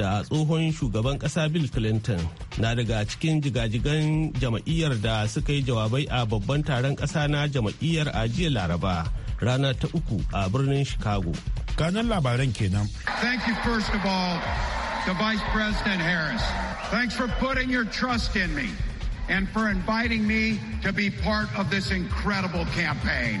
da tsohon shugaban kasa bill clinton na daga cikin jigajigan jama'iyyar da suka yi jawabai a babban taron kasa na jama'iyyar laraba rana ta uku a birnin chicago labaran kenan thank you first of all to vice president harris thanks for putting your trust in me and for inviting me to be part of this incredible campaign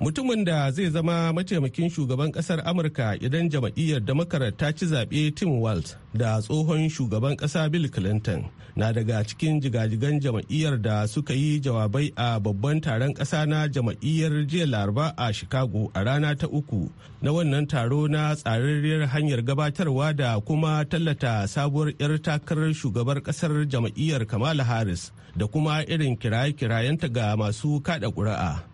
mutumin da zai zama mataimakin shugaban kasar amurka idan jama'iyyar democrat ta ci zaɓe tim walz da tsohon shugaban ƙasa bill clinton na daga cikin jigajigan jama'iyyar da suka yi jawabai a babban taron ƙasa na jama'iyyar jiya laraba a chicago a rana ta uku na wannan taro na tsararriyar hanyar gabatarwa da kuma tallata sabuwar 'yar takarar shugabar ƙasar jama'iyyar kamala harris da kuma irin kiraye-kirayenta ga masu kada ƙuri'a.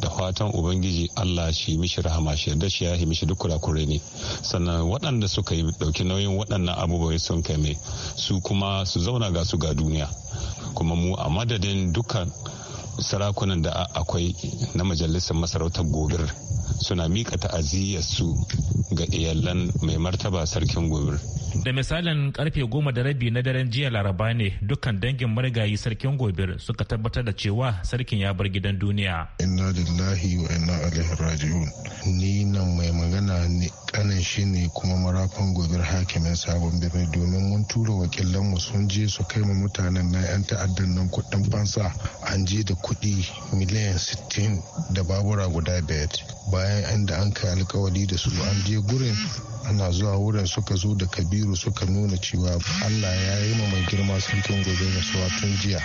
da fatan ubangiji allah shi mishi rahama shi da shi ya yi mishi duk kurakure ne sannan waɗanda suka yi ɗauki nauyin waɗannan abubuwa sun kai mai su kuma su zauna ga su ga duniya kuma mu a madadin dukkan sarakunan da akwai na majalisar masarautar gobir suna mika su ga iyalan mai martaba sarkin gobir. Da misalin karfe goma da rabi na daren jiya laraba ne dukkan dangin marigayi sarkin gobir suka tabbatar da cewa sarkin ya bar gidan duniya. Inna lillahi wa inna alaihi raji'un. Ni nan mai magana ne kanin shi ne kuma marafan gobir hakimin sabon birni domin mun tura wakilanmu sun je su kai mu mutanen na 'yan ta'addan nan kuɗin fansa an je da kuɗi miliyan 60 da babura guda biyar bayan inda an kai alkawari da su an je gurin ana zuwa wurin suka zo da kabiru suka nuna cewa allah ya yi ma mai girma sulkin gobe na suwa tun jiya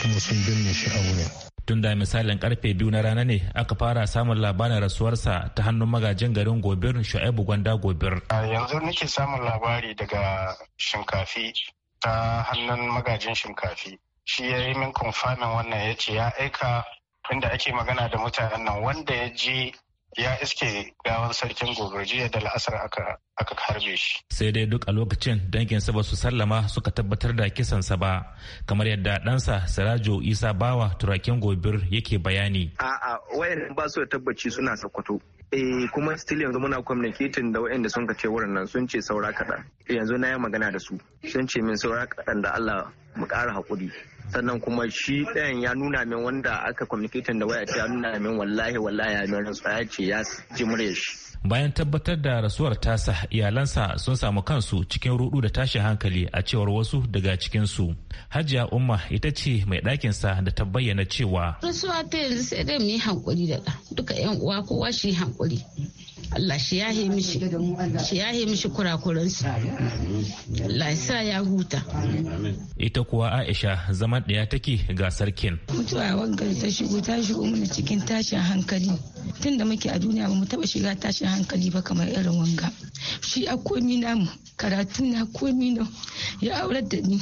kuma sun binne shi a wurin tun da misalin karfe biyu na rana ne aka fara samun labarin rasuwarsa ta hannun magajin garin gobir shu'aibu gwanda gobir yanzu nake samun labari daga shinkafi ta hannun magajin shinkafi shi ya yi min kumfanin wannan ya ce ya aika inda ake magana da mutanen nan wanda ya ji ya iske gawan sarkin gobe jiya da la'asar aka harbe shi. Sai dai duk a lokacin danginsa ba su sallama suka tabbatar da kisansa ba kamar yadda ɗansa Sirajo Isa Bawa turakin gobir yake bayani. A'a wayan ba su da tabbaci suna sakwato. Eh kuma still yanzu muna communicating da wayanda sun ka ce wurin nan sun ce saura kaɗan. Yanzu na yi magana da su. Sun ce min saura kaɗan da Allah mu ƙara haƙuri. sannan kuma shi ɗayan ya nuna min wanda aka communicating da waya ce ya nuna min wallahi wallahi ya min rantsuwa ya ce ya ji shi bayan tabbatar da rasuwar tasa iyalansa sun samu kansu cikin rudu da tashin hankali a cewar wasu daga cikin su hajiya umma ita ce mai ɗakin sa da ta bayyana cewa rasuwa ta yanzu sai dai mu yi hankuri da duka yan uwa kowa shi hankuri Allah shi yi mishi shi ya yi mishi kurakuransu Allah ya sa ya huta ita kuwa Aisha zama ɗaya take ga sarkin mutuwa wangar ta shigo ta shigo mana cikin tashin hankali tun da muke a duniya ba mu taba shiga tashin hankali ba kamar irin wanga shi a komi namu karatu na komi na ya aurar da ni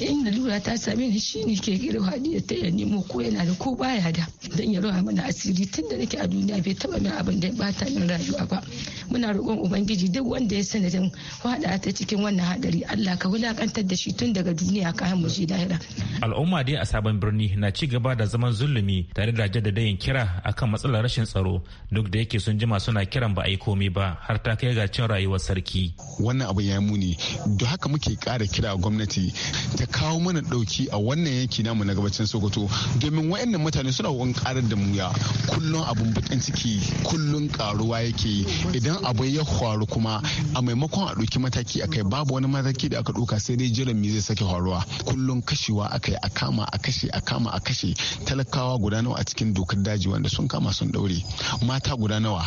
in lura ta same ni shi ne ke kira da ta ya nemo ko yana da ko baya da dan ya rawa mana asiri tun da nake a duniya bai taba min abin da ya bata min rayuwa ba muna roƙon ubangiji duk wanda ya sanadin hada ta cikin wannan hadari Allah ka wulakantar da shi tun daga duniya ka mu shi lahira al'umma dai a sabon birni na ci gaba da zaman zulumi tare da jaddadayin kira akan matsalar rashin tsaro duk da yake sun jima suna kiran ba a komai ba har ta kai ga cin rayuwar sarki wannan abu ya muni da haka muke kara kira gwamnati ta kawo mana dauki a wannan yanki namu na gabacin sokoto domin wayannan mutane suna kokarin karar da mu ya kullun abun bakin ciki kullun karuwa yake idan abu ya faru kuma a maimakon a dauki mataki akai babu wani mataki da aka dauka sai dai jiran me zai sake faruwa kullun kashewa akai a kama a kashe a kama a kashe talakawa guda nawa a cikin dokar daji wanda sun kama sun daure mata guda nawa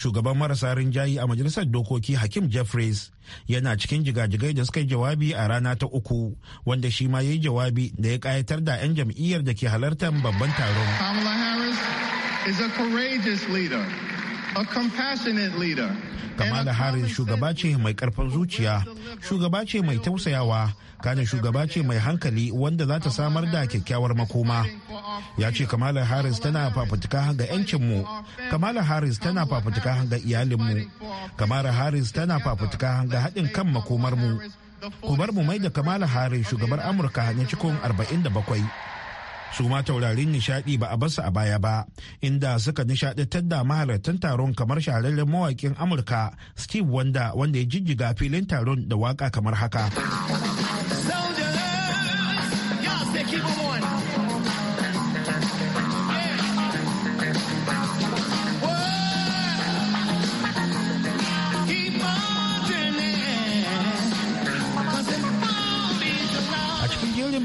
shugaban marasa rinjayi a majalisar dokoki hakim jeffries yana cikin jigajigai da suka yi jawabi a rana ta uku wanda shi ma ya yi jawabi da ya kayatar da 'yan jam'iyyar da ke halartar babban taron kamala harris shugaba ce mai karfin zuciya shugaba ce mai tausayawa kane shugaba ce mai hankali wanda za ta samar da kyakkyawar makoma ya ce kamala harris tana fafutuka ga yancinmu kamala harris tana fafutuka ga iyalinmu kamala harris tana fafutuka ga haɗin kan makomarmu ku bar mu mai da kamala harris shugabar amurka na cikin 47 su ma taurarin nishadi ba a basu a baya ba inda suka nishadantar da mahalartan taron kamar shahararren mawakin amurka steve wanda wanda ya jijjiga filin taron da waka kamar haka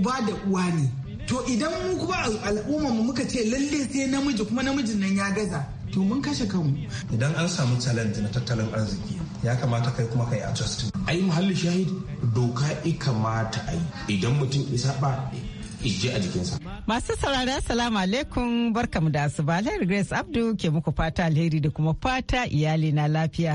uba da uwa ne to idan mu kuma al'ummar mu muka ce lalle sai namiji kuma namijin nan ya gaza to mun kashe kanmu idan an samu challenge na tattalin arziki ya kamata kai kuma kai adjusting ai muhalli shahid doka i kamata ai idan mutum isa ba ije a jikinsa. Masu saurari assalamu alaikum barkamu da asuba Alheri Grace Abdu ke muku fata alheri da kuma fata iyali na lafiya.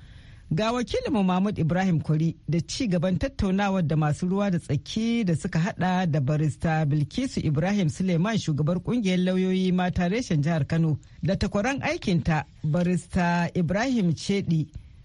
Ga wakilin Mahmud Ibrahim Kwari da ci gaban tattaunawar da masu ruwa da tsaki da suka hada da barista Bilkisu Ibrahim Suleiman shugabar kungiyar lauyoyi mata reshen jihar Kano da takwaran aikinta barista Ibrahim Chedi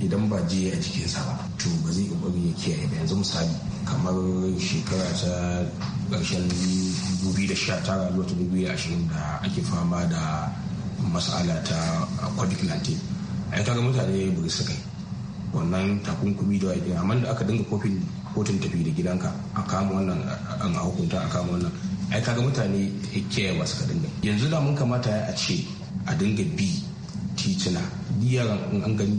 idan ba ji a jikinsa ba to ba zai kokari ya kiyaye ba yanzu misali kamar shekara ta ƙarshen 2019 zuwa 2020 da ake fama da matsala ta covid-19 ai kaga mutane ba su kai wannan takunkumi da wajen amma da aka dinga kofin kotun tafi da gidanka a kama wannan an a hukunta a kama wannan ai kaga mutane kiyaye ba su ka dinga yanzu da mun kamata a ce a dinga bi titina yaran an gani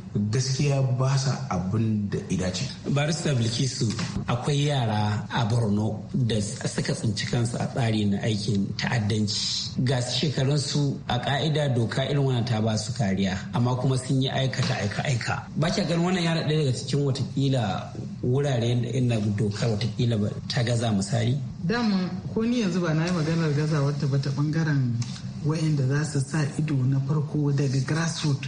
gaskiya ba sa abin da idace. barista bilkisu akwai yara a borno da suka tsinci kansu a tsari na aikin ta'addanci ga su a ka'ida doka irin wannan ta ba su kariya amma kuma sun yi aikata aika aika ba ki ganin wannan yara ɗaya daga cikin watakila wurare da inda doka watakila ta gaza misali dama ko ni yanzu ba na yi maganar gazawar ta bata bangaren wayanda za su sa ido na farko daga grassroots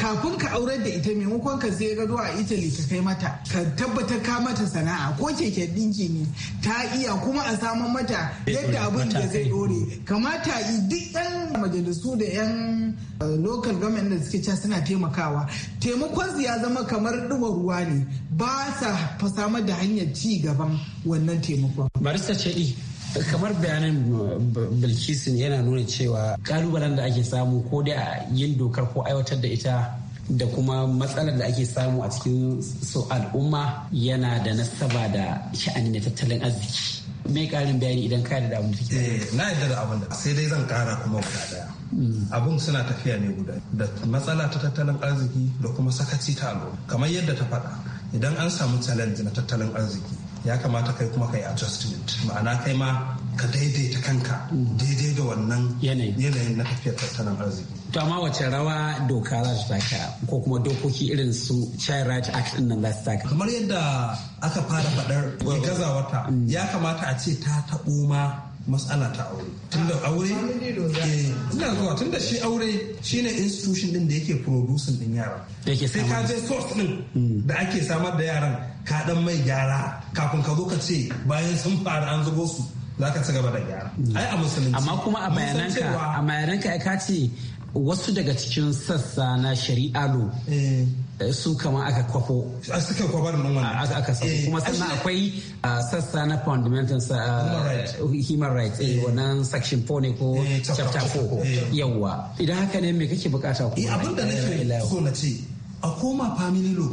kafin ka aurar da ita maimakon ka sai gado a italy ka kai mata ka tabbatar ka mata sana'a ko keke dinki ne ta iya kuma a samu mata eh, yadda abin da zai dore kamata duk yan majalisu da yan eh, local government da suke cewa suna taimakawa taimakon su ya zama kamar ɗuwar ruwa ne ba sa samar da hanyar ci gaban wannan taimakon barista ce kamar bayanin eh, bilkisun yana nuna cewa kalubalen da ake samu ko dai yin dokar ko aiwatar da ita da kuma matsalar da ake samu a cikin su al'umma yana da nasaba da sha'anin na tattalin arziki mai karin bayani idan ka da abin da eh, na yadda da abin da sai dai zan kara kuma guda daya hmm. abun suna tafiya ne guda da matsala ta tattalin arziki da kuma sakaci ta al'umma kamar yadda ta faɗa idan an samu challenge na tattalin arziki ya kamata kai kuma kai adjustment ma'ana kai ma ka daidaita kanka daidai da wannan yanayin na tafiyar tattalin arziki to amma wace rawa doka za su taka ko kuma dokoki irin su child right act din nan za su taka kamar yadda aka fara faɗar wata. ya kamata a ce ta taɓo ma matsala ta aure tunda aure eh, ina zuwa tunda shi aure shine institution din da yake producing din yara sai ka je source din hmm. da ake samar da yaran ka dan mai gyara kafin ka zo ka ce bayan sun fara an zubo su za ka ci gaba da gyara hmm. ai a musulunci amma kuma a bayananka a bayananka ka ce wasu daga cikin sassa na shari'a lo eh. Eh, su kama aka kwafo a ah, suka kwabar nan wannan ah, aka samu eh, kuma sannan akwai ah, sassa na fundamental eh, human rights eh wannan section 4 ne ko chapter 4 yawa idan haka ne me kake bukata ku abin da nake so na ce a koma family law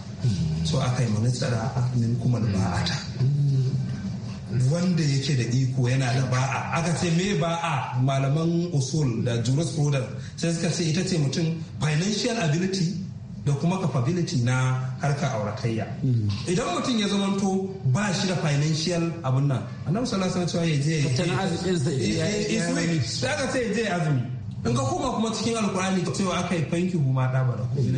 so aka yi a nin kuma ba'ata wanda yake da iko yana da ba'a aka ce me ba'a malaman usul da jurisprudence sai suka ce ita ce mutum financial ability da kuma capability na harkar auratayya idan mutum ya zamanto ba shi da financial abun nan annabi sallallahu alaihi wasallam ya je tattalin arzikin sa ya eh, eh, eh, ya ya azumi in ka koma kuma cikin alkurani cewa aka yi fanki huma da ba da kuma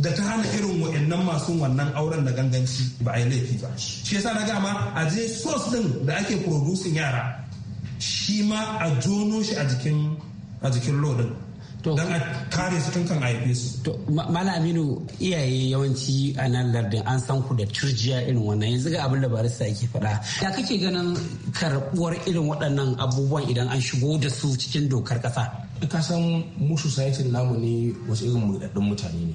da ta hana irin wa'annan masu wannan auren da ganganci ba a yi laifi ba shi yasa na gama a je sos din da ake produsin yara shi ma a jono shi a jikin a jikin lodin don a kare su tun kan haife su mala aminu iyaye yawanci a nan lardin an san ku da turjiya irin wannan yanzu ga abin da barista yake faɗa ya kake ganin karɓuwar irin waɗannan abubuwan idan an shigo da su cikin dokar ƙasa ka san mu society namu ne wasu irin mutane ne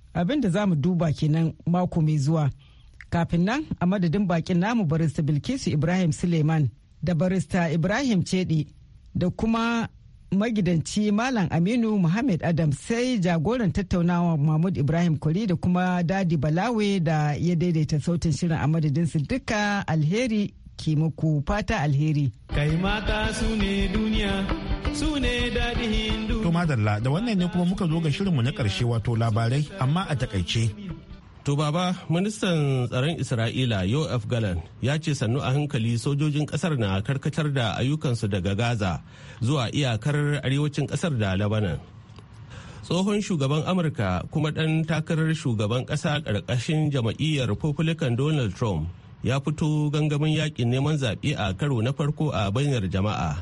abin da za mu duba kenan mako mai zuwa kafin nan a madadin bakin namu barista bilkisu ibrahim suleiman da barista ibrahim cedi da kuma magidanci malam aminu muhammad adam sai jagoran tattaunawa mahmud ibrahim kuri da kuma dadi balawe da ya daidaita sautin shirin a madadinsu duka alheri ke muku fata alheri kai mata su ne duniya su ne daɗi hindu. To madalla da wannan ne kuma muka zo ga shirinmu na ƙarshe wato labarai amma a takaice. To baba ministan tsaron Isra'ila Yoav Galan ya ce sannu a hankali sojojin kasar na karkatar da ayyukansu daga Gaza zuwa iyakar arewacin kasar da Lebanon. tsohon shugaban amurka kuma ɗan takarar shugaban ƙasa ƙarƙashin jama'iyyar republican donald trump ya fito gangamin yaƙin neman zaɓe a karo na farko a bayyanar jama'a